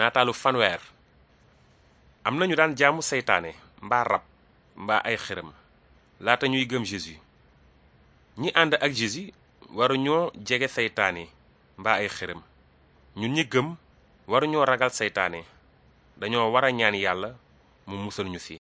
nataalu fanweer am na ñu daan jaamu seytaane mbaa rab mbaa ay xërëm laata ñuy gëm Jésus ñi ànd ak Jésus waru ñoo jege seytaane mbaa ay xërëm ñu ñi gëm waruñoo ragal seytaane dañoo war a ñaan yàlla mu musal ñu si